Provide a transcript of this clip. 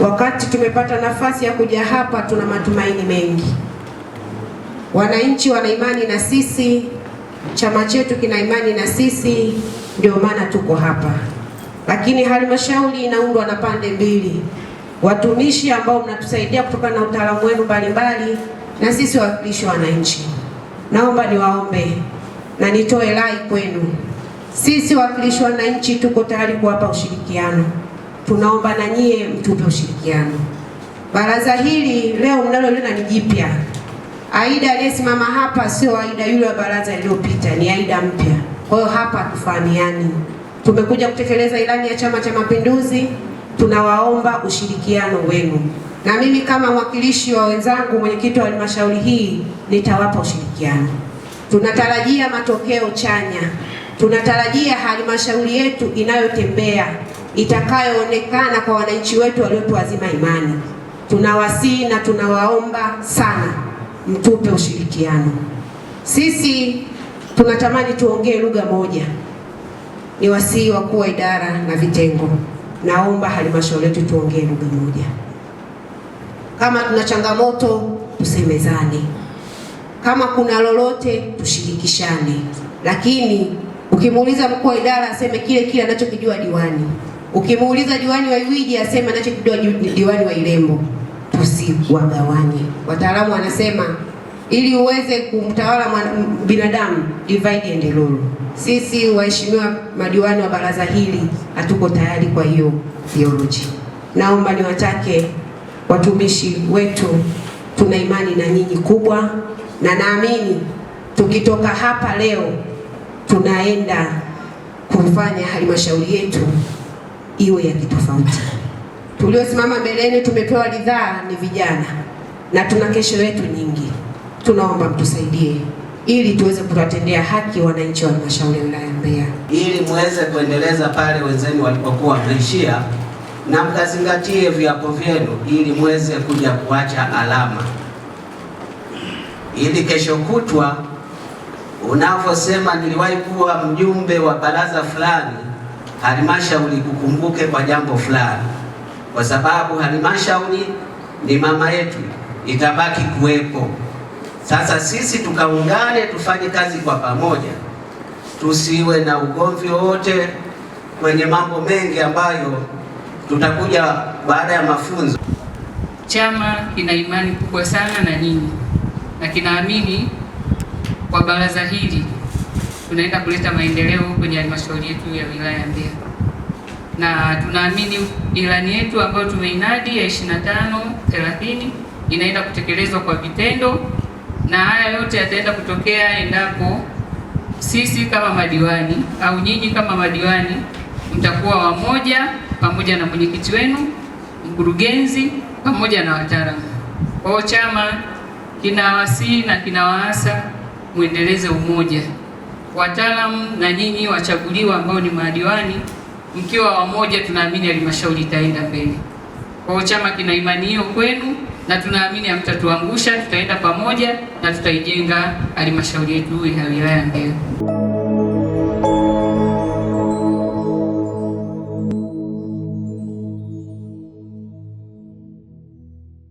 Wakati tumepata nafasi ya kuja hapa, tuna matumaini mengi. Wananchi wana imani na sisi, chama chetu kina imani na sisi, ndio maana tuko hapa. Lakini halmashauri inaundwa na pande mbili, watumishi ambao mnatusaidia kutokana na utaalamu wenu mbalimbali, na sisi wawakilishi wananchi. Naomba niwaombe na nitoe rai kwenu, sisi wawakilishi wananchi tuko tayari kuwapa ushirikiano tunaomba na nyie mtupe ushirikiano. Baraza hili leo mnaloliona ni jipya. Aida aliyesimama hapa sio Aida yule wa baraza iliyopita, ni Aida mpya. Kwa hiyo hapa tufahamiani, tumekuja kutekeleza ilani ya Chama cha Mapinduzi. Tunawaomba ushirikiano wenu, na mimi kama mwakilishi wa wenzangu, mwenyekiti wa halmashauri hii, nitawapa ushirikiano. Tunatarajia matokeo chanya, tunatarajia halmashauri yetu inayotembea itakayoonekana kwa wananchi wetu waliotuazima imani. Tunawasihi na tunawaomba sana mtupe ushirikiano. Sisi tunatamani tuongee lugha moja. Ni wasihi wakuu wa idara na vitengo, naomba halmashauri yetu tuongee lugha moja. Kama tuna changamoto tusemezane, kama kuna lolote tushirikishane, lakini ukimuuliza mkuu wa idara aseme kile kile anachokijua diwani. Ukimuuliza diwani wa Iwiji asema anachokijua diwani wa Irembo, Tusiwagawanye. Wataalamu wanasema ili uweze kumtawala binadamu, divide and rule. Sisi waheshimiwa madiwani wa baraza hili hatuko tayari kwa hiyo theology. Naomba niwatake watumishi wetu, tuna imani na nyinyi kubwa, na naamini tukitoka hapa leo tunaenda kufanya halmashauri yetu iwe ya kitofauti. Tuliosimama mbeleni tumepewa ridhaa ni vijana, na tuna kesho yetu nyingi. Tunaomba mtusaidie ili tuweze kuwatendea haki wananchi wa halmashauri ya wilaya ya Mbeya, ili muweze kuendeleza pale wenzenu walipokuwa wameishia, na mkazingatie viapo vyenu ili muweze kuja kuacha alama, ili kesho kutwa unavyosema niliwahi kuwa mjumbe wa baraza fulani halmashauri kukumbuke kwa jambo fulani, kwa sababu halmashauri ni mama yetu, itabaki kuwepo. Sasa sisi tukaungane, tufanye kazi kwa pamoja, tusiwe na ugomvi wowote kwenye mambo mengi ambayo tutakuja baada ya mafunzo. Chama kina imani kubwa sana na nyinyi na kinaamini kwa baraza hili tunaenda kuleta maendeleo kwenye halmashauri yetu ya wilaya ya Mbeya, na tunaamini ilani yetu ambayo tumeinadi ya 25 30 inaenda kutekelezwa kwa vitendo, na haya yote yataenda kutokea endapo sisi kama madiwani au nyinyi kama madiwani mtakuwa wamoja pamoja na mwenyekiti wenu, mkurugenzi pamoja na wataalamu. Kwa hiyo chama kinawasihi na kinawaasa muendeleze umoja wataalamu na nyinyi wachaguliwa ambao ni madiwani, mkiwa wamoja, tunaamini halmashauri itaenda mbele. Kwa hiyo chama kina imani hiyo kwenu na tunaamini hamtatuangusha, tutaenda pamoja na tutaijenga halmashauri yetu ya wilaya Mbeya.